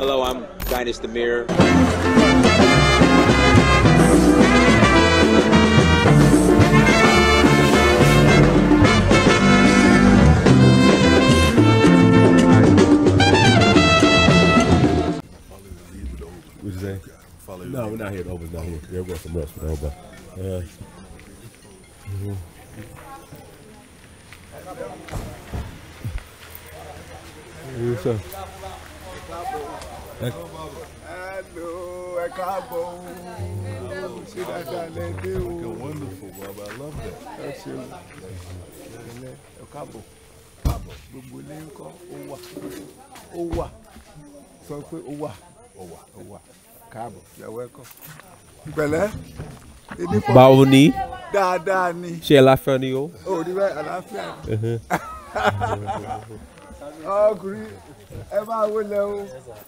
Hello, I'm Dinas Demir. what you say? No, we're not here. The Oprah's not here. There was some rest for Oprah. Uh, mm -hmm. Hello, ẹ káàbọ̀ wonderful, Baba. I love that. Ẹ ṣeun. You're welcome. Pẹ̀lẹ́. Báwo ni? Dáadáa ni. Ṣé àlàáfíà ni o? Òní bẹ́ẹ̀ àlàáfíà ni. Uh-huh. Ọkùnrin. ẹ wo lẹ o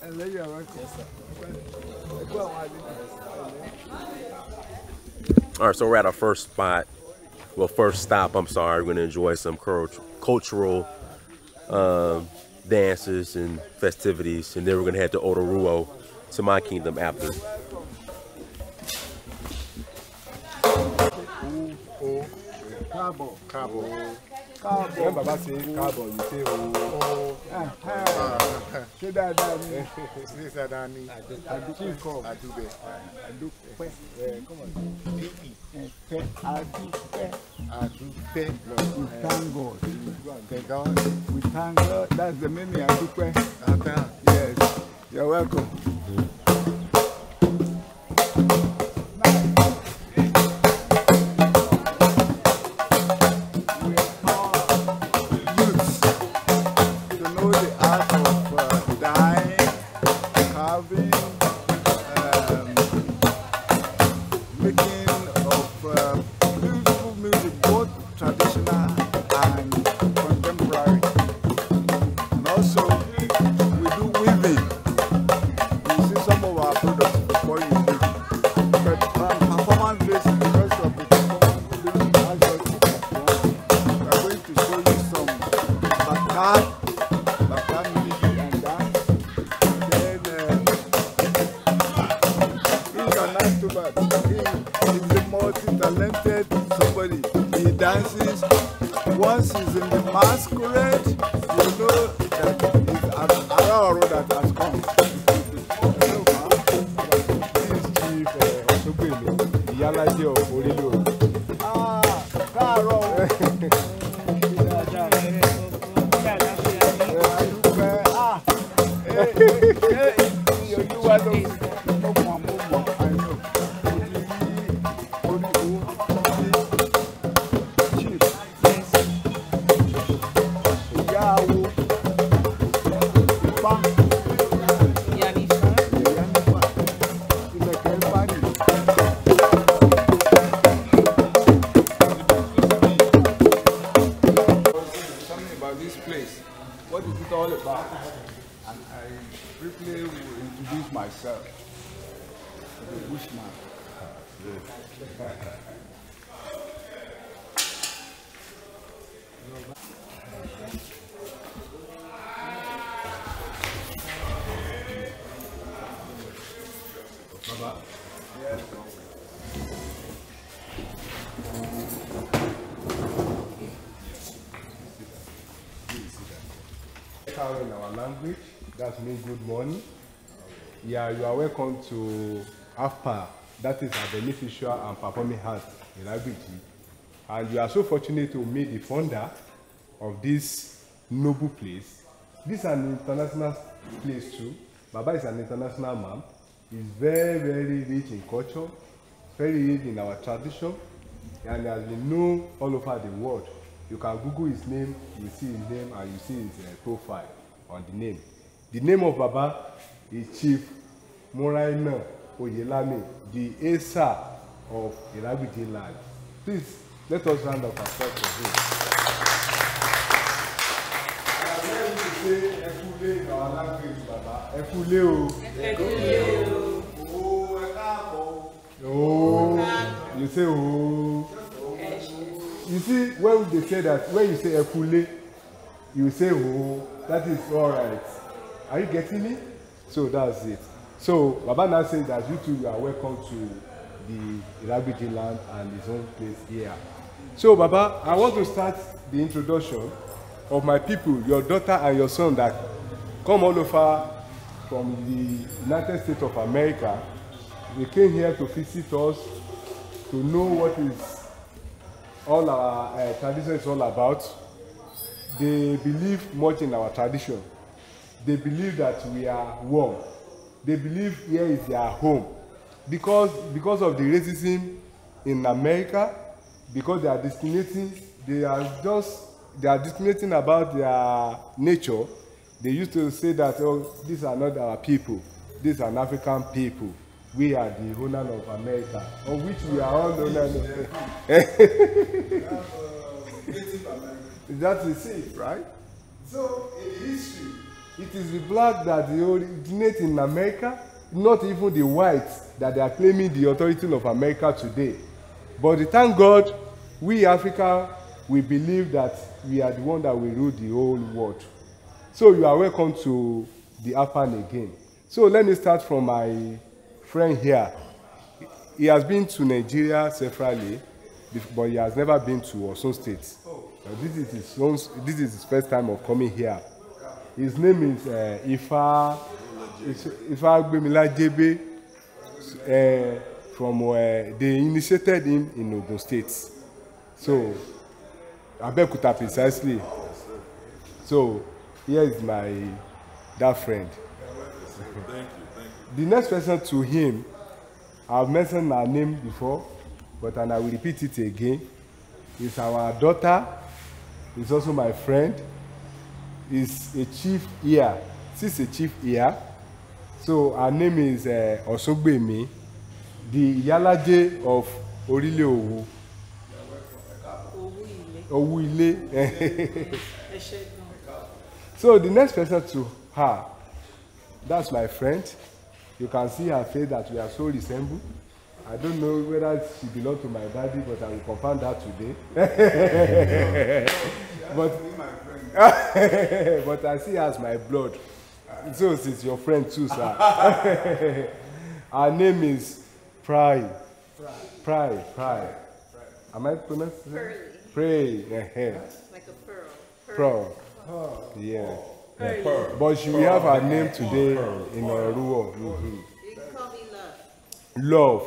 ẹ lẹ́yìn ọ̀rọ̀ kan All right, so we're at our first spot. Well, first stop, I'm sorry. We're going to enjoy some cultural uh, dances and festivities, and then we're going to head to Otoruo, to my kingdom after. Cabo. Cabo. káàbọ̀ ní bàbá ṣe káàbọ̀ yìí ṣe o. ṣé dáadáa ni ṣé dáadáa ni àdúgbò àdúgbò àdúgbò ẹ̀fẹ̀ àdúgbò àdúgbò we thank God thank God we thank God that's the meaning àdúgbò. yes you are welcome. in our language. That means good morning. Yeah, you are welcome to AFPA that is a beneficial and performing arts in Agbeji. And you are so fortunate to meet the founder of this noble place. This is an international place too. Baba is an international man. He's very, very rich in culture, very rich in our tradition, and has been known all over the world. You can Google his name, you see his name, and you see his uh, profile on the name. The name of Baba is Chief Moraina Oyelami, the Asa of Irabidi land. Please, let us round up ourselves for him. Ẹkúlé in our language, Baba. Ẹkúlé o. Ẹkúlé o. Oo, you say oh. You see, when they say that, when you say Ẹkúlé, you say "oh." that is all right. Are you getting me? So that's it. So Baba now says that you two you are welcome to the Iragbiji land and his own place here. So Baba, I want to start the introduction of my people, your daughter and your son that come all over from the United States of America. They came here to visit us, to know what is all our uh, tradition is all about. They believe much in our tradition. They believe that we are warm they believe here is their home because because of the racism in america because they are discriminating they are just they are discriminating about their nature they used to say that oh these are not our people these are african people we are the owner of america of which we are all owners. of have, uh, that is it right so in history It is the black that originate in America, not even the whites that they are claiming the authority of America today. But thank God, we Africa, we believe that we are the one that will rule the whole world. So you are welcome to the AFAN again. So let me start from my friend here. He has been to Nigeria separately, but he has never been to Osun State. This is his own, this is his first time of coming here. His name is uh, eh, Ifa Ifagbemila Jebe uh, from uh, they initiated him in Ogun State. So Abeokuta precisely. So here is my that friend. Thank you, thank you. The next person to him, I've mentioned her name before, but and I will repeat it again. Is our daughter. Is also my friend is a chief here. She's a chief here. So her name is uh, Osogbemi, the Yalaje of Orile Owo. Owu Ile. So the next person to her, that's my friend. You can see her face that we are so resemble. I don't know whether she belong to my daddy, but I will confirm that today. but but I see as my blood. So it's your friend too, sir. Her name is Pry. Pry. Pry. Pry. Am I pronouncing it? Pray. like a pearl. Pearl. pearl. Yeah. yeah. Pearl. But she will have her name today pearl. in her rule. Mm -hmm. You can call me love. Love.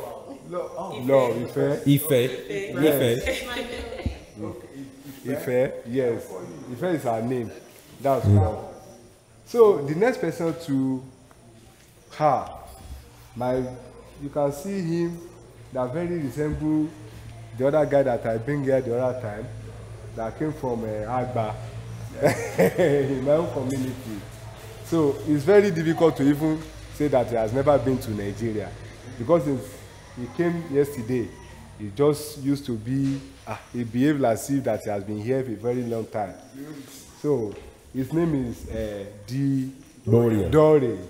Love. Oh. Love. Ife. Ife. Ife. Ife. Ife. Ife. Ife. Ife. Ife, yes. Ife is her name. That's mm. one. So the next person to her, my, you can see him that very resemble the other guy that I bring here the other time that came from uh, Agba in my own community. So it's very difficult to even say that he has never been to Nigeria because he came yesterday. He just used to be Ah. He behaves as if that he has been here for a very long time. So his name is uh, D. Dorian. Dorian.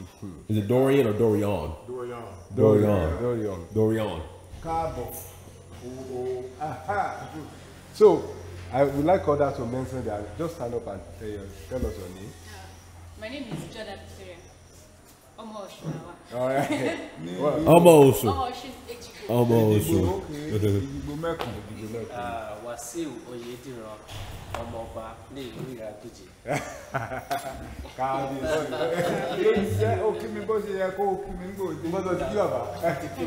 Mm-hmm. Is it Dorian or Dorian? Dorian. Dorian. Dorian. Dorian. Cabo. Oh, oh. So I would like others to mention that. Just stand up and tell, us your name. My name is Jada Victoria. Omo All right. Omo Omo ọmọ oṣù ìdìbò mẹ́kàn. ọmọọba ní ìlú ìràgbèjì. káàdì lóyún ṣe ó mi bó ṣe yẹ kó o kí mi gbò dé. gbọ́dọ̀ ti kí bàbá. tí kí tí kí.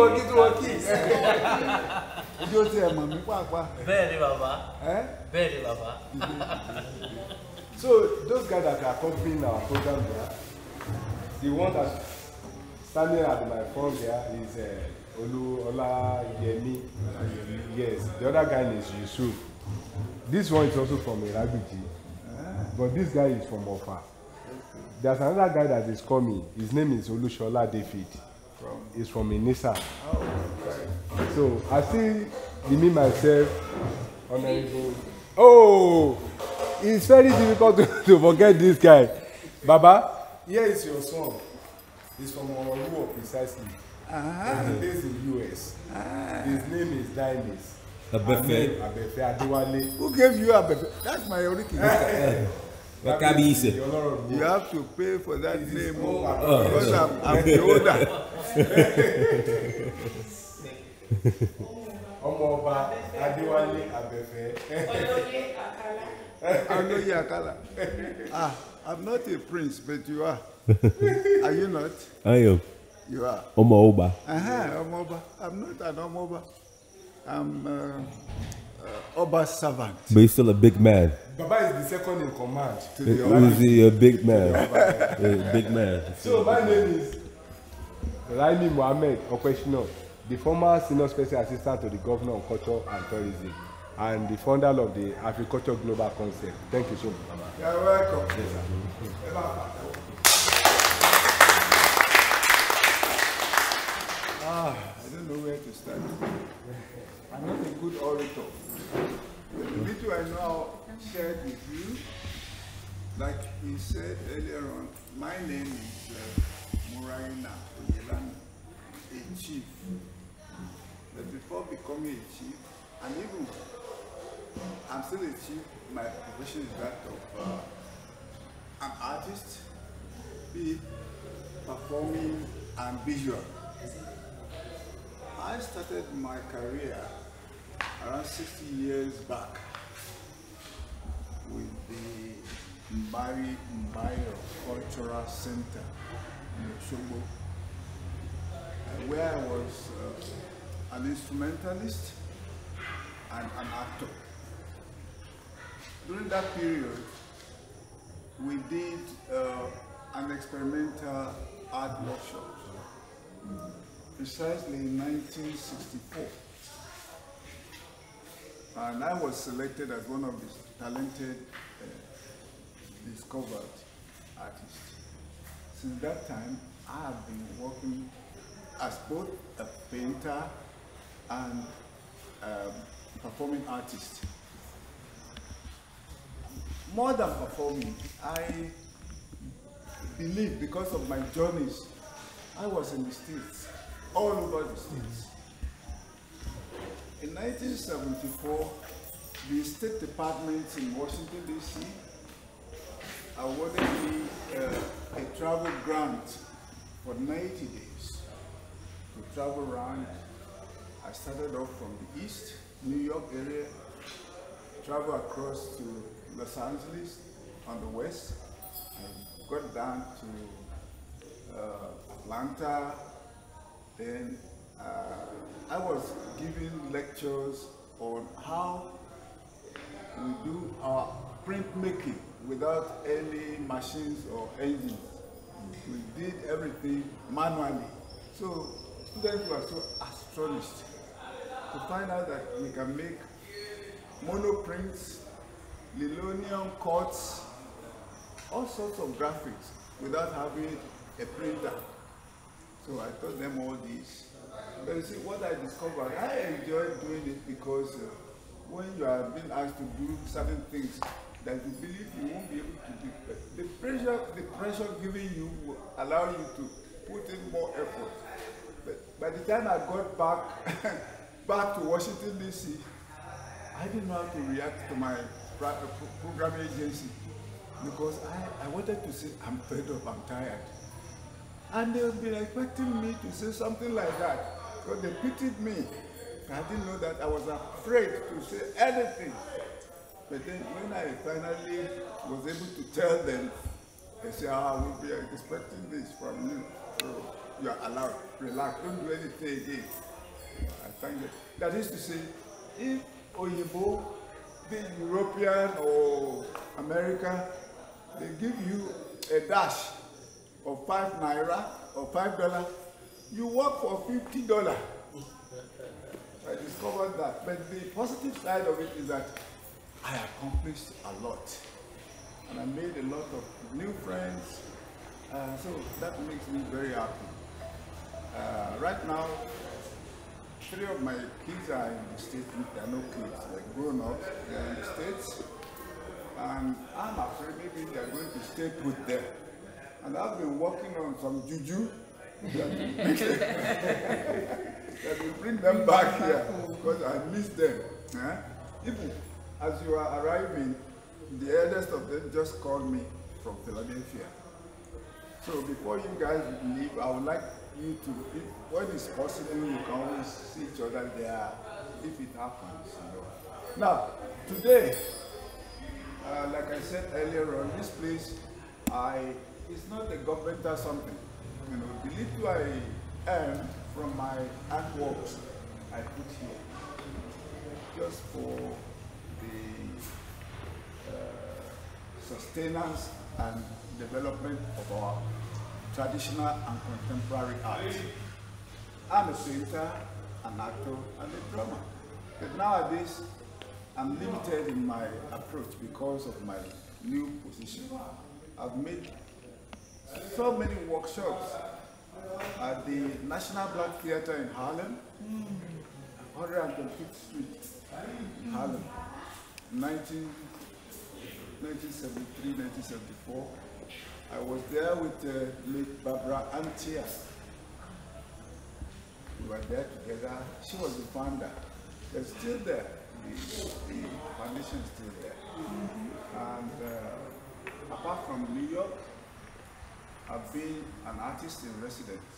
bí ó ti ẹ̀ mọ̀ mí pàápàá. bẹ́ẹ̀ ni bàbá. bẹ́ẹ̀ ni bàbá. so those guys that are accompanying our program there the one that standing at my front there is uh, Olu Yemi. Yes, the other guy is Yusuf. This one is also from Iragbiji. But this guy is from Ofa. There's another guy that is coming. His name is Olushola David. From? He's from Inisa. So I see demean myself honorable. Oh, it's very difficult to, to forget this guy. Baba? Here is your swan. He's from our Europe precisely. Ah. He's based in the US. Ah. His name is Dainis. Abefe. Abefe Adewale. Who gave you Abefe? That's my What eh, eh. can origin. Wakabise. You have to pay for that it name more oh. oh. because I'm, I'm the older. Ọmọọba Adéwálé Abẹ́fẹ́. Olóyè Àkàlà. Olóyè Àkàlà. Ah. I'm not a prince, but you are. are you not? I am. You are. Omo Oba. Uh-huh, Oba. I'm not an Omo Oba. I'm uh, uh, Oba's servant. But you're still a big man. Baba is the second in command to the Oba. Uzi, a big man. a big man. So my name is Raimi Mohammed, a the former senior special assistant to the governor on culture and tourism and the founder of the Agriculture Global Concept. Thank you so much, Baba. You are welcome. Yes, sir. ah, I don't know where to start. I'm not a good orator. The little I now shared with you, like he said earlier on, my name is uh, Muraina Oyelani, a chief. But before becoming a chief, and even I'm still a chief. My profession is that of uh, an artist, be performing and visual. I started my career around 60 years back with the Mbari Mbayo Cultural Center in Oshogbo, uh, where I was uh, an instrumentalist and an actor. During that period, we did uh, an experimental art workshop, precisely in 1964. And I was selected as one of the talented uh, discovered artists. Since that time, I have been working as both a painter and um, performing artist more than performing, I believe because of my journeys, I was in the States, all over the States. In 1974, the State Department in Washington, D.C. awarded me uh, a travel grant for 90 days to travel around. I started off from the East, New York area, travel across to Los Angeles on the west. I got down to uh, Atlanta. Then uh, I was giving lectures on how we do our printmaking without any machines or engines. We did everything manually. So students were so astonished to find out that we can make monoprints Lilonian cuts, all sorts of graphics without having a printer. So I taught them all this. But you see, what I discovered, I enjoy doing it because uh, when you are being asked to do certain things that you believe you won't be able to do, the pressure, the pressure given you will allow you to put in more effort. But by the time I got back, back to Washington D.C., I didn't know how to react to my program agency because I, I wanted to say, I'm fed up, I'm tired. And they've been expecting me to say something like that. But they pitied me. I didn't know that I was afraid to say anything. But then when I finally was able to tell them, they said, ah, oh, we'll be expecting this from you. So you're allowed, relax, don't do anything again. I thank them. That is to say, if Oyibo be European or America, they give you a dash of five naira or five dollar. You work for fifty dollar. I discovered that. But the positive side of it is that I accomplished a lot. And I made a lot of new friends. Uh, so that makes me very happy. Uh, right now, three of my kids are in the States. They are no kids. They're grown up. They are in the States. And I'm afraid maybe they are going to stay put there. And I've been working on some juju that will bring them back here because I miss them. Eh? Even as you are arriving, the eldest of them just called me from Philadelphia. So before you guys leave, I would like you to, when it's possible, you can always see each other there if it happens. You know. Now, today, uh, like I said earlier on, this place, I it's not the government or something. You know, the little I earn from my artworks, I put here just for the uh, sustenance and development of our traditional and contemporary art. I'm a painter, an actor, and a drummer. But nowadays, I'm limited in my approach because of my new position. I've made so many workshops at the National Black Theatre in Harlem, 125th Street Harlem, 19, 1973, 1974. I was there with uh, late Barbara Antias. We were there together. She was the founder. They're still there. The, the foundation is still there. And uh, apart from New York, I've been an artist in residence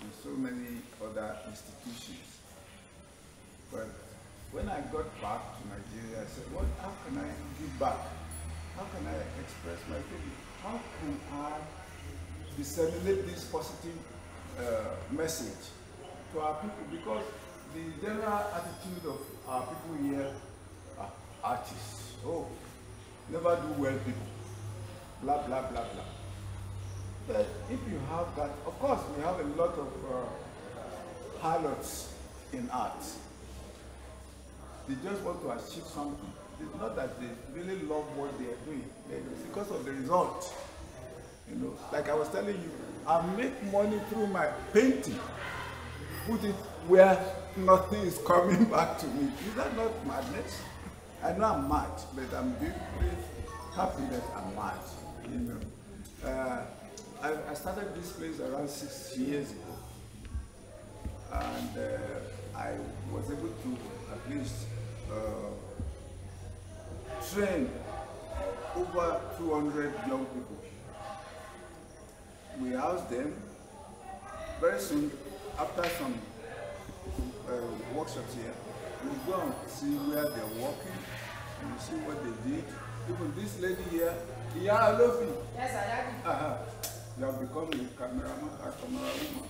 in so many other institutions. But when I got back to Nigeria, I said, well, how can I give back? How can I express my feelings? How can I disseminate this positive uh, message to our people because the general attitude of our people here are artists. Oh, never do well people. Blah, blah, blah, blah. But if you have that, of course, we have a lot of uh, pilots in art. They just want to achieve something. It's not that they really love what they are doing. It's because of the result. You know, like I was telling you, I make money through my painting put it where nothing is coming back to me. Is that not madness? I know I'm mad, but I'm deeply happy that I'm mad. You know, uh, I, I started this place around six years ago, and uh, I was able to at least uh, train over 200 young people. We housed them. Very soon, after some uh, workshops here, we go and see where they're working and see what they did. Even this lady here, Iya Alofi. Yes, I Ayagi. Uh -huh. You have become a cameraman, a camera woman.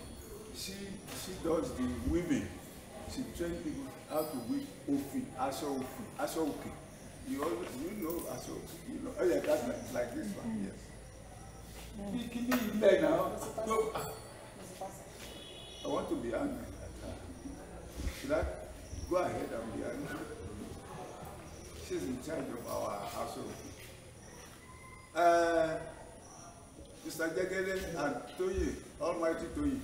She, she does the weaving. She trains people how to weave Ofi, Aso Ofi, Aso Oki. You always, you know Aso Oki, you know. Oh yeah, that's like, like this one, yes. Can you ilẹ̀ now? I want to be angry. Should I go ahead and be angry? She's in charge of our household. Uh, Mr. Jegele and Toye, Almighty Toye.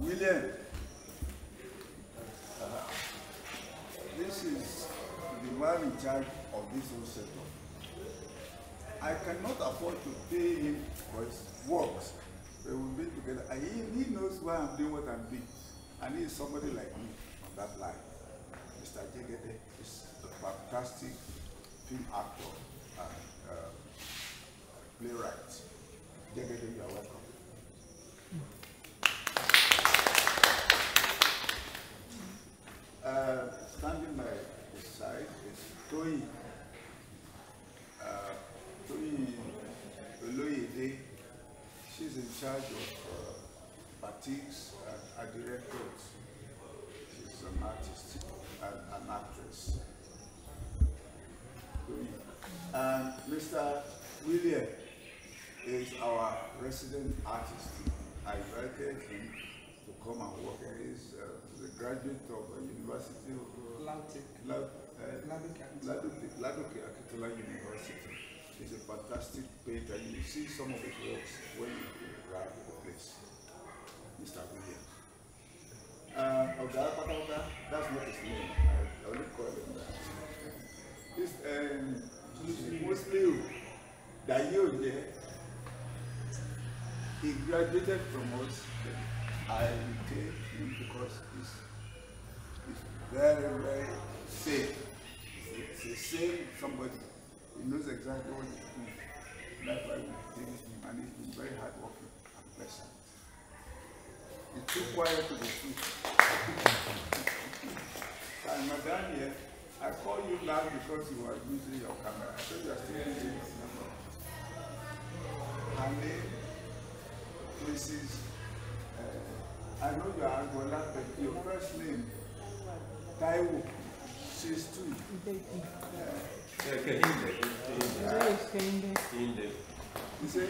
William. this is the man in charge of this whole sector. I cannot afford to pay him, but works. When we meet together, and he, he knows why I'm doing what I'm doing. And he somebody like me on that line. Mr. Jegede is a fantastic film actor and uh, playwright. Jegede, you are welcome. Uh, standing by his side is Toyi She's in charge of uh, batiks and, and direct She's an artist and an actress. And Mr. William is our resident artist. I invited him to come and work. Uh, he's uh, the graduate of the University of uh, Ladoke, Ladoke, Ladoke Akitola University. It's a fantastic painter. You see some of his works when you arrive at the place. Mr. Williams. Uh, Oga Patauka, that's not his name. I, I only call him that. It's um, Muslim. That you there. He graduated from us. I retained him because he's, he's very, very safe. It's, it's a somebody. He knows exactly what he's doing. That's why we gave him, and he's been very hardworking and pleasant. He's too quiet to be truth. and madam here, I called you loud because you were using your camera. So you are still using your camera. Her name, Mrs. Uh, I know you are Angola, but your first name, Taiwo. She's two. Uh, Kahinde. Kahinde. Kahinde. You say?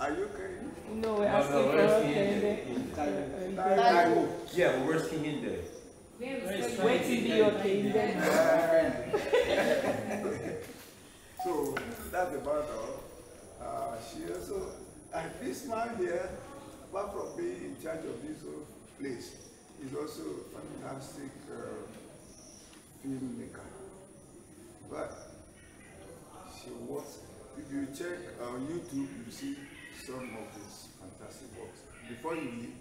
Are you Kahinde? No, we am asking no, no, for Kahinde. Yeah, but where's Kahinde? Where to be your So, that's about battle. Uh, she also, and this man here, apart from being in charge of this whole place, is also a fantastic uh, filmmaker back. She was, if you check on YouTube, you see some of these fantastic works. Before you leave,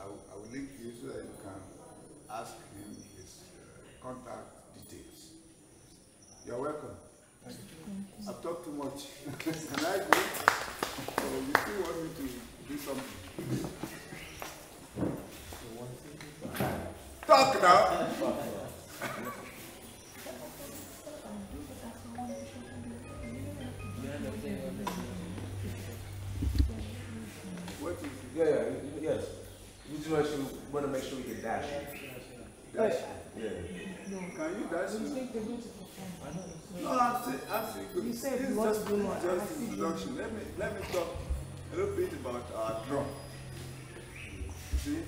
I will, I will link you so that you can ask him his uh, contact details. You're welcome. Thank you. I've talked too much. Can I go? So you still want me to do something? Talk now! yeah, yeah, yes. We just want, want to make sure we get dash it. Yeah. Can you dash No, I see. I see. You said this is just, do just, introduction. Let me let me talk a little bit about our drum. You see,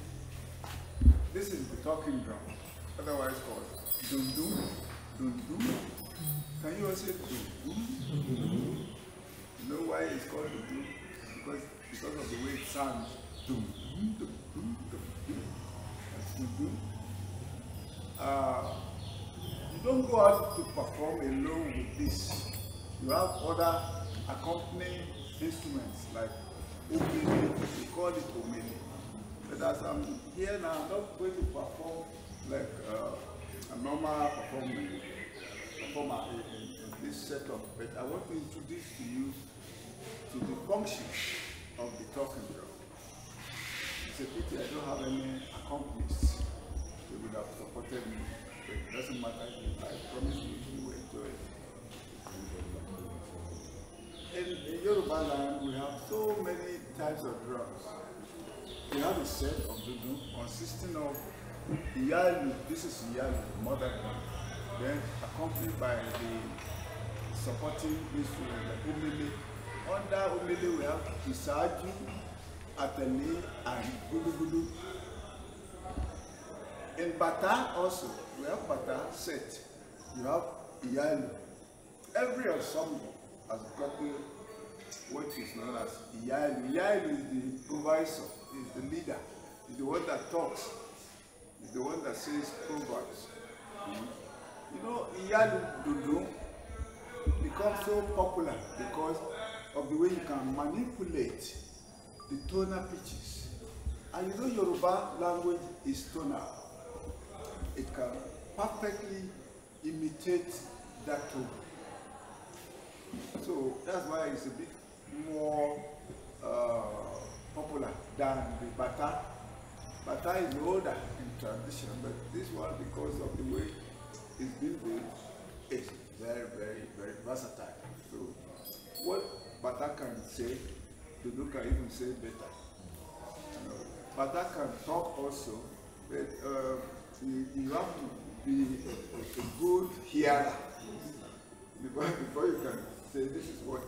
this is the talking drum, otherwise called dundum, dundum. Can you also say dundum? You know why it's called the blue? Because because of the way it sounds. Dum, dum, dum, Uh, you don't go out to perform alone with this. You have other accompanying instruments like omele. We call it omele. But as I'm here now, I'm not going to perform like uh, a normal performer in, in this setup. But I want to introduce to you to the function of the talking drum. It's a pity I don't have any accomplice who would have supported me, but it doesn't matter. I promise you, you will enjoy it. In, in Yoruba land, we have so many types of drums. We have a set of drum consisting of Iyalu, this is yali, mother drum, then accompanied by the supporting instrument, the umele, under omele we have Atene, and àrí gbólógbóló in bàtà also we have bàtà set you have Iyalu. every ensemble has gotten what is known as Iyalu. Iyalu is the provisor is the leader is the one that talks is the one that says proverbs mm -hmm. you know Iyalu Dudu becomes so popular because of the way you can manipulate the tonal pitches. And you know Yoruba language is tonal. It can perfectly imitate that tone. So that's why it's a bit more uh, popular than the Bata. Bata is older in tradition, but this one, because of the way it's been built, is very, very, very versatile. So what Bata can say, Dudu can even say better. Bata can talk also, but uh, um, you, have to be a, a good hearer before, before you can say this is what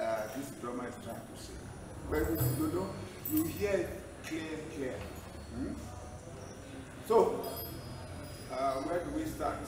uh, this drama is trying to say. But with Dodo, you hear it clear, clear. Hmm? So, uh, where do we start?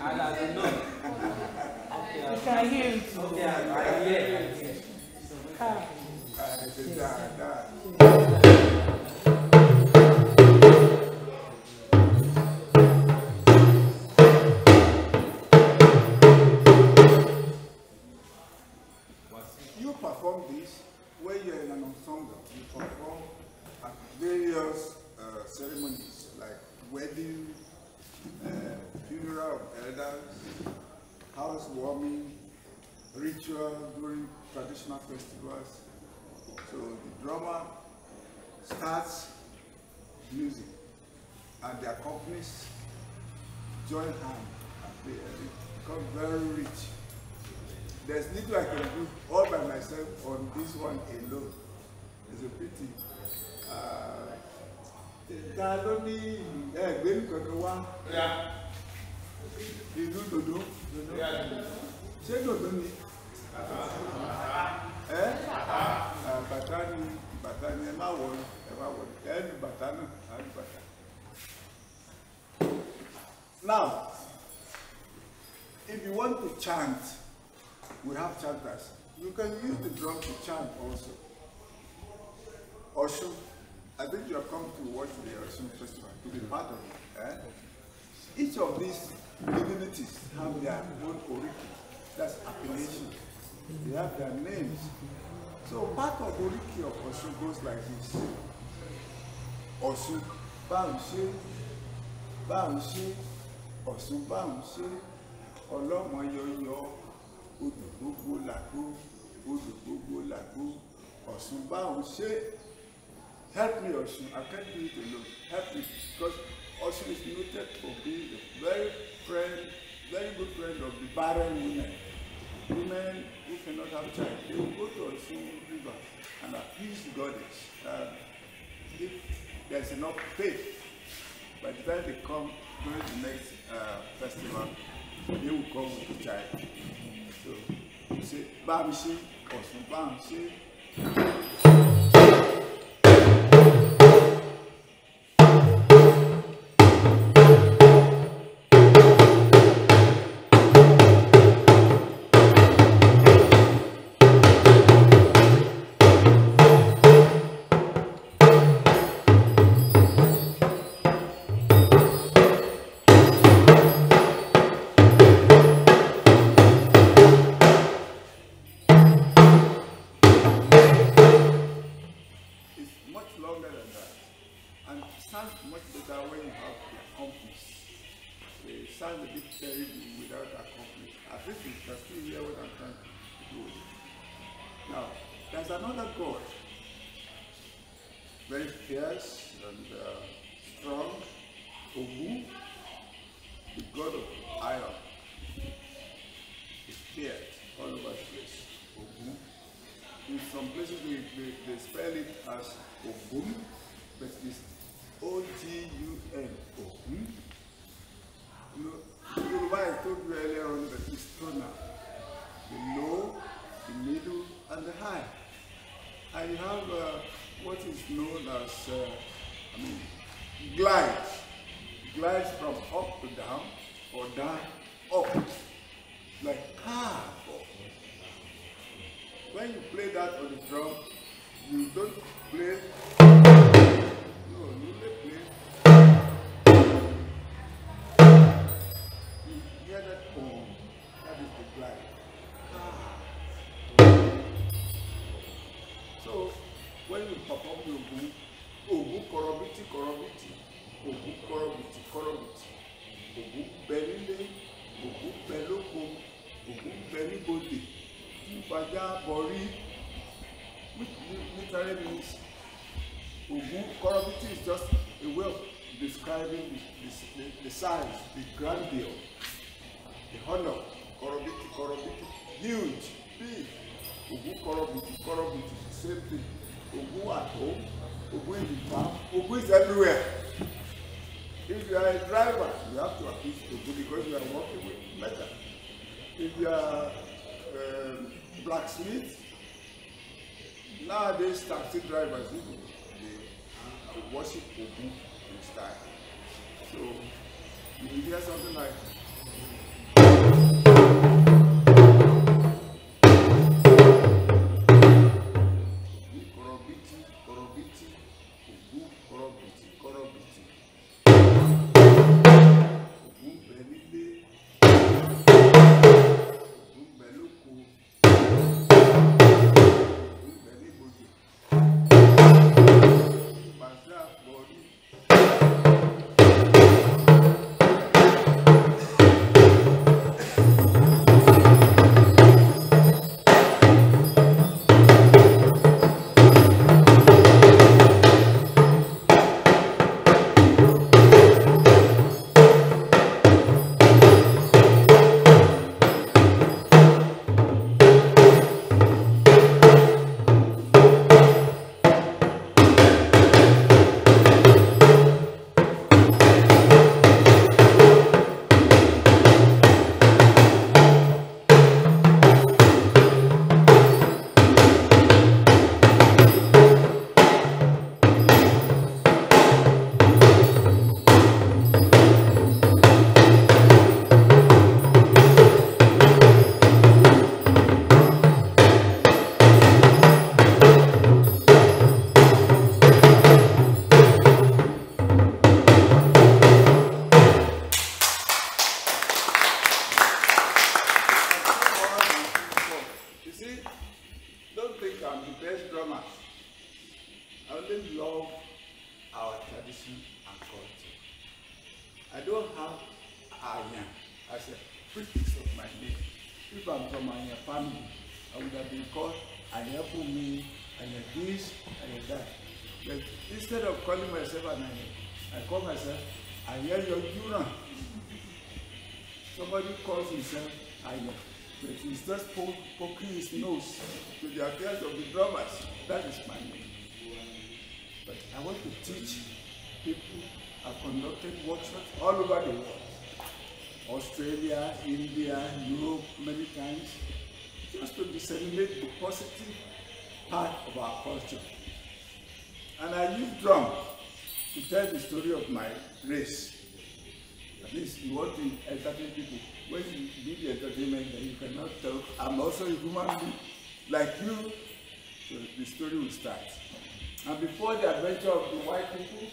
I do Okay, I hear you. Okay, I hear you. these divinities have their own origin. That's appellation. They have their names. So part of origin of Ọ̀ṣun goes like this. Ọ̀ṣun báwọn ṣe báwọn ṣe Ọ̀ṣun báwọn ṣe ọlọ́mọ yọyọ odò gbogbo làgbó odò help me Ọ̀ṣun I can't do it alone help me because. also is noted for being a very friend, very good friend of the barren women. Women who cannot have child, they will go to a river and appease the goddess. Um, if there's enough faith, by the time they come during the next uh, festival, they will come with the child. So you say, Bamsi, or some Bamsi. told you earlier on that it's tonal. The low, the middle, and the high. I have uh, what is known as, uh, I mean, glides. Glides from up to down, or down up. Like car. When you play that on the drum, you don't play, no, you play Like, So, when you perform Ogun, Ogun korobiti korobiti, Ogun korobiti korobiti, Ogun bẹ nílé, Ogun bẹ lóko, Ogun bẹ níbodè, Ìbàjá bọ̀rí, which literally means Ogun korobiti is just a way of describing the, the, the size, the grandeur, the honor. Korobiti, Korobiti, huge, big. Ogun Korobiti, Korobiti, same thing. Ogun at home, Ogun in the town, Ogun is everywhere. If you are a driver, you have to appease Ogun because you are working with metal. If you are um, blacksmith, nowadays taxi drivers even they worship Ogun in style. So if you hear something like of the drummers. That is my name. But I want to teach people. I've conducted workshops all over the world. Australia, India, Europe, many times. Just to disseminate the positive part of our culture. And I use drum to tell the story of my race. At least you want to entertain people. When you do the entertainment, that you cannot tell, I'm also a human being. like you, so the story will start. And before the adventure of the white people,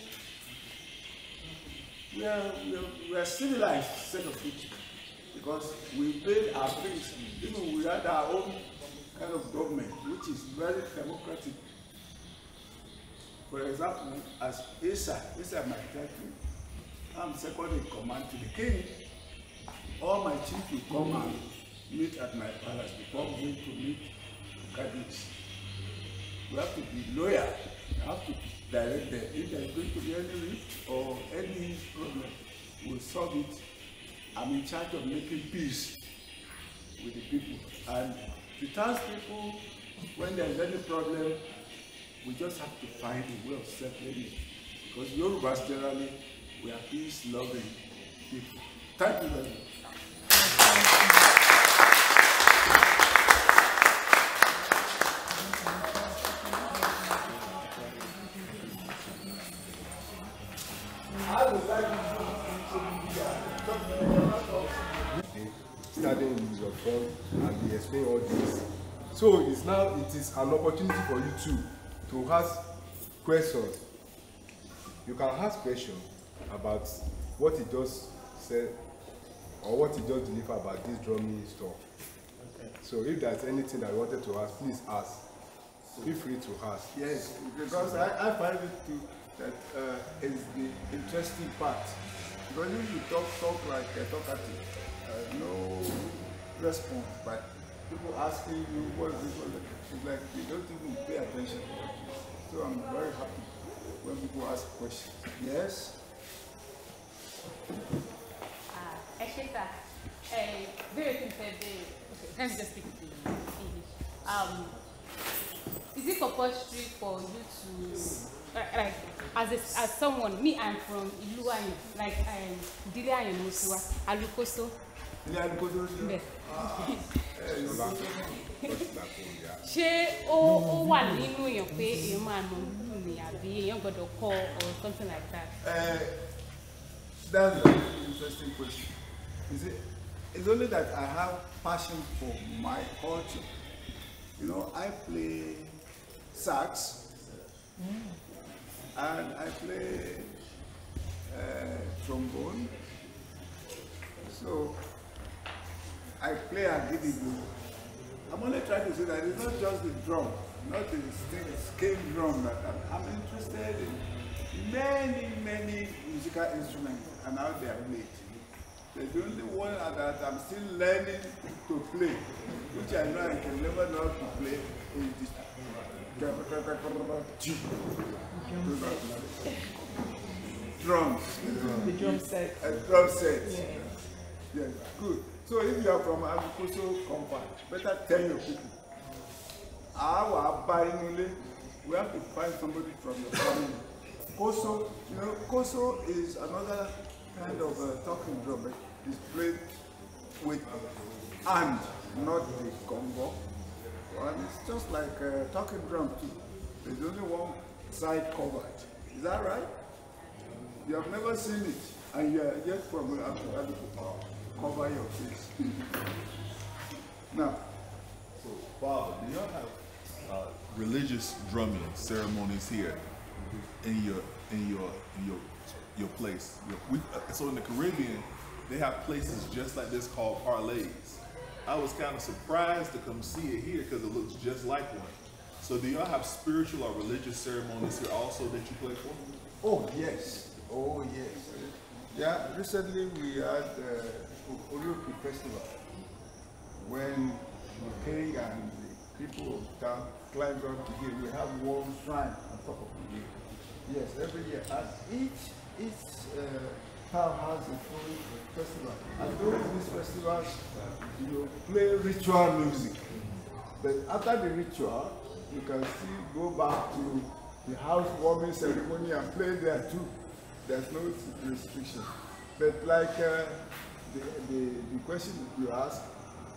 we are, we are, we are civilized set of people because we paid our things. Even we had our own kind of government, which is very democratic. For example, as Asa, Asa Makitaki, I'm second in command to the king. All my chiefs will come and meet at my palace before going to meet cadets. We have to be loyal. We have to direct them. If there is going to be any risk or any problem, we'll solve it. I'm in charge of making peace with the people. And the people when there's any problem, we just have to find a way of settling it. Because Yorubas generally, we are peace-loving people. Thank you very much. So it's now it is an opportunity for you too to ask questions. You can ask questions about what he just said or what he just delivered about this drumming stuff. Okay. So if there's anything that you wanted to ask, please ask. Feel free to ask. Yes, because I, I find it too that uh, is the interesting part. Because if you talk talk like a talkative, uh, no response, but people asking you what is this, like You don't even pay attention. So I'm very happy when people ask questions. Yes? Uh, actually, sir, very simple day. Okay, let me just speak in English. Um, is it compulsory for you to like as a, as someone me i'm from ilu like I'm um, ayin mosewa alukoso. ilé alukoso ṣe. ṣé ó ó wà nínú èèyàn pé èèyàn máa nà lù ní àbí èèyàn gbọ́dọ̀ kọ́ or something like that. Uh, that's an interesting question. You see, it's only that I have passion for my culture. You know, I play sax. Mm. And I play uh, trombone. So I play agidigbo. I'm only trying to say that it's not just the drum, not the scale drum that I'm, I'm interested in. Many, many musical instruments and how they are made. There's the only one that I'm still learning to play, which I know I can never know to play, is the drums. The drum set. A drum set. Yeah. good. So if you are from Agricultural compound, better tell your people. Àwa bá we have to find somebody from your family. Koso, you know, Koso is another kind of uh, talking drum. It is played with hand, not the Congo. And it's just like uh, talking drum too. There is only one side covered. Is that right? You have never seen it, and you are yet from Africa. cover your face. now, so Father, do y'all have uh, religious drumming ceremonies here in your in your in your your place? Your, we, uh, so in the Caribbean, they have places just like this called parlays. I was kind of surprised to come see it here because it looks just like one. So do y'all have spiritual or religious ceremonies here also that you play for? Oh yes, oh yes. Yeah, recently we had. Uh, Orioki Festival, when king and the people of town climbed up the hill, we have one shrine on top of the hill. Yes, every year. And each, each uh, town has its own festival. And during these festivals, you know, play ritual music. But after the ritual, you can still go back to the housewarming ceremony and play there too. There's no restriction. But like uh, the, the, the question you asked,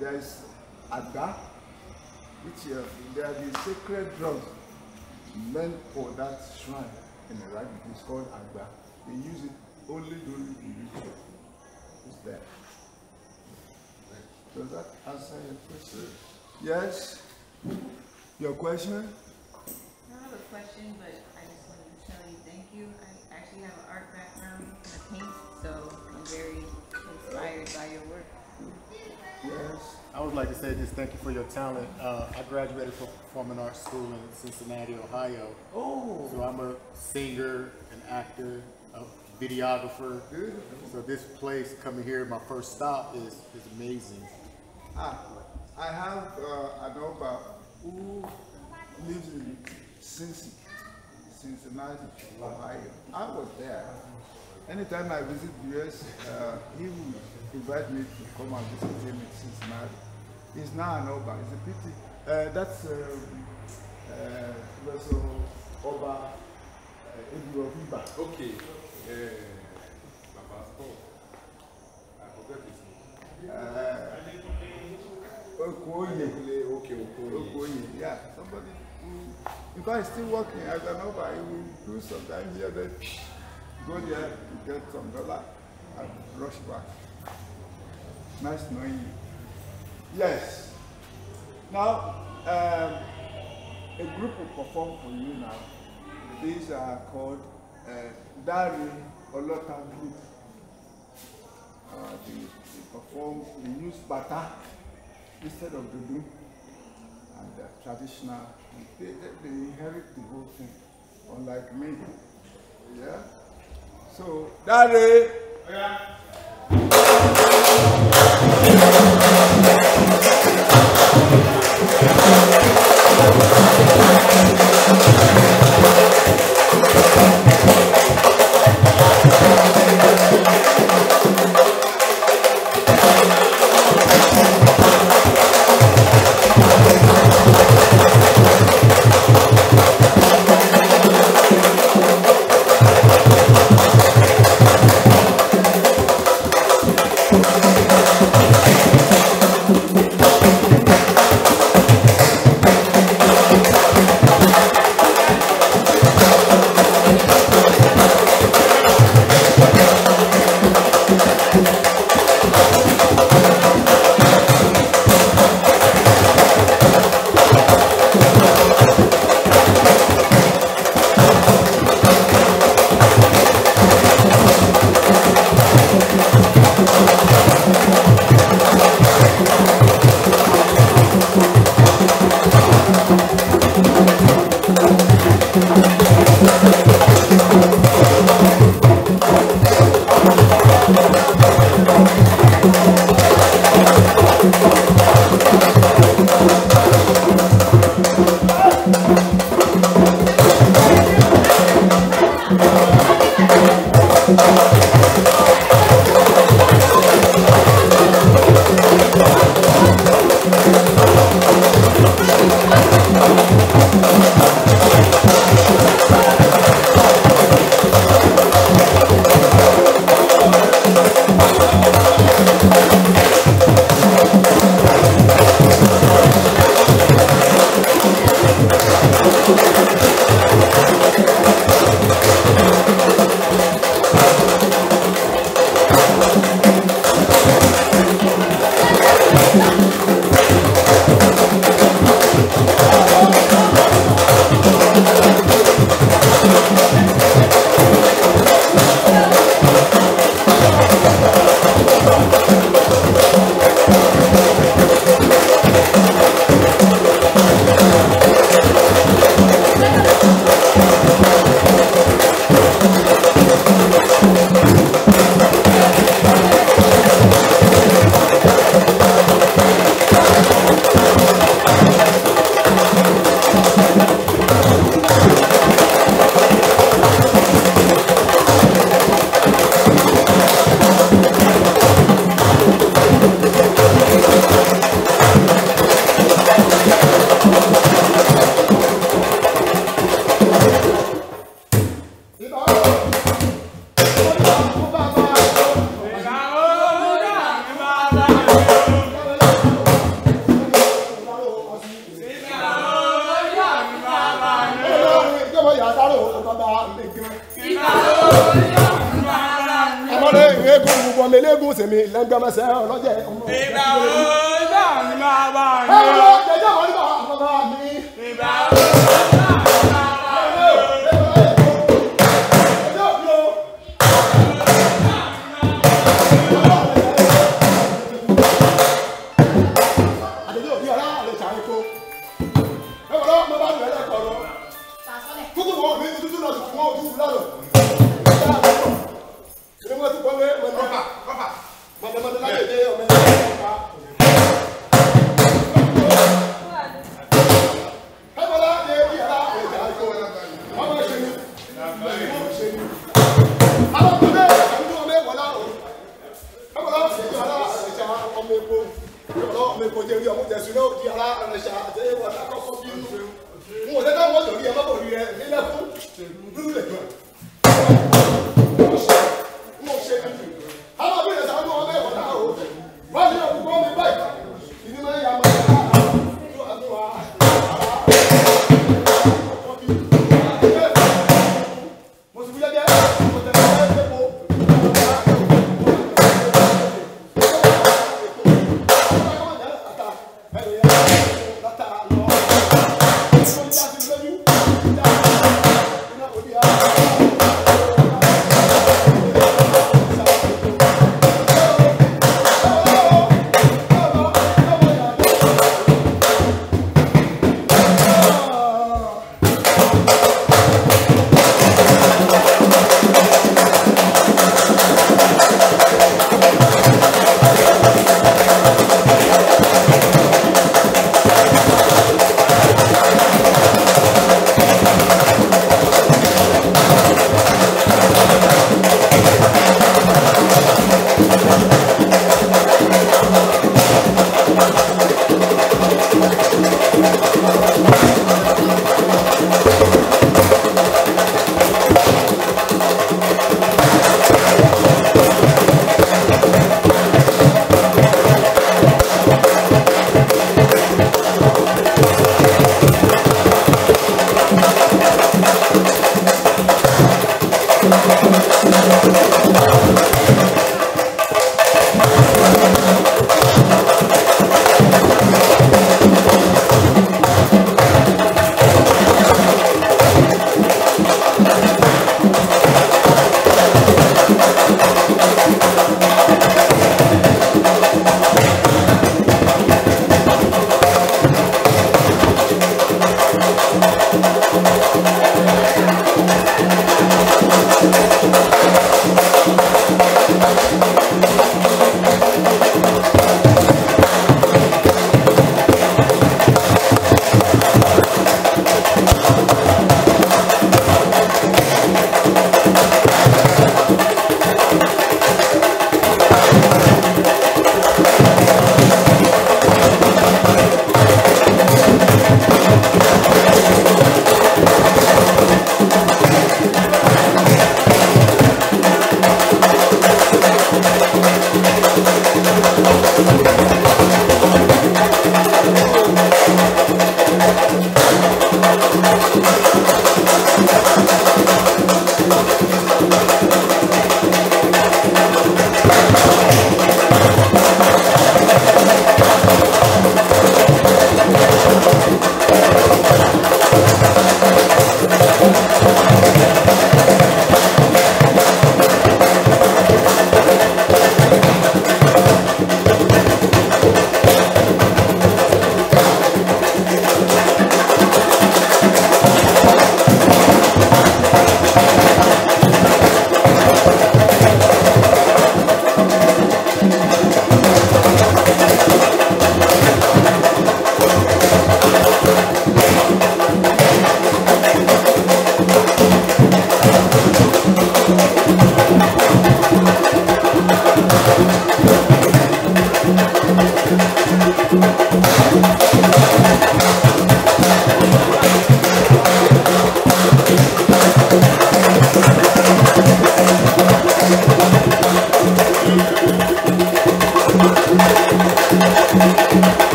there is Ada, which uh, there are the sacred drugs meant for that shrine in Iraq. It's called Agba. They use it only during the ritual. It's there. Does that answer your question? Yes? Your question? I have a question, but I just wanted to tell you thank you. I actually have an art background, I paint, so I'm very inspired by your work. Yes. I would like to say just thank you for your talent. Uh, I graduated from Performing Arts School in Cincinnati, Ohio. Oh. So I'm a singer, an actor, a videographer. Beautiful. So this place coming here, my first stop is, is amazing. Ah, I have uh, a daughter who lives in Cincinnati, Cincinnati, Ohio. I was there. anytime I visit the US, uh, he will invite me to come and visit him in Cincinnati. He's now an Oba. It's a pity. Uh, that's um, uh, Professor Oba Eduobiba. Uh, okay. Uh, Baba, I forgot his name. Uh, Okoye. Okay, Okoye. Okoye, yeah. Somebody who, if I still working as an Oba, he will do sometime here, then. Go there, you get some dollar, and rush back. Nice knowing you. Yes. Now, um, a group will perform for you now. These are called uh, Dari Olota Group. Uh, they, they perform, they use bata instead of dudu and uh, traditional. they, they inherit the whole thing, unlike me. Yeah? so dáre. Oh, yeah. Gracias.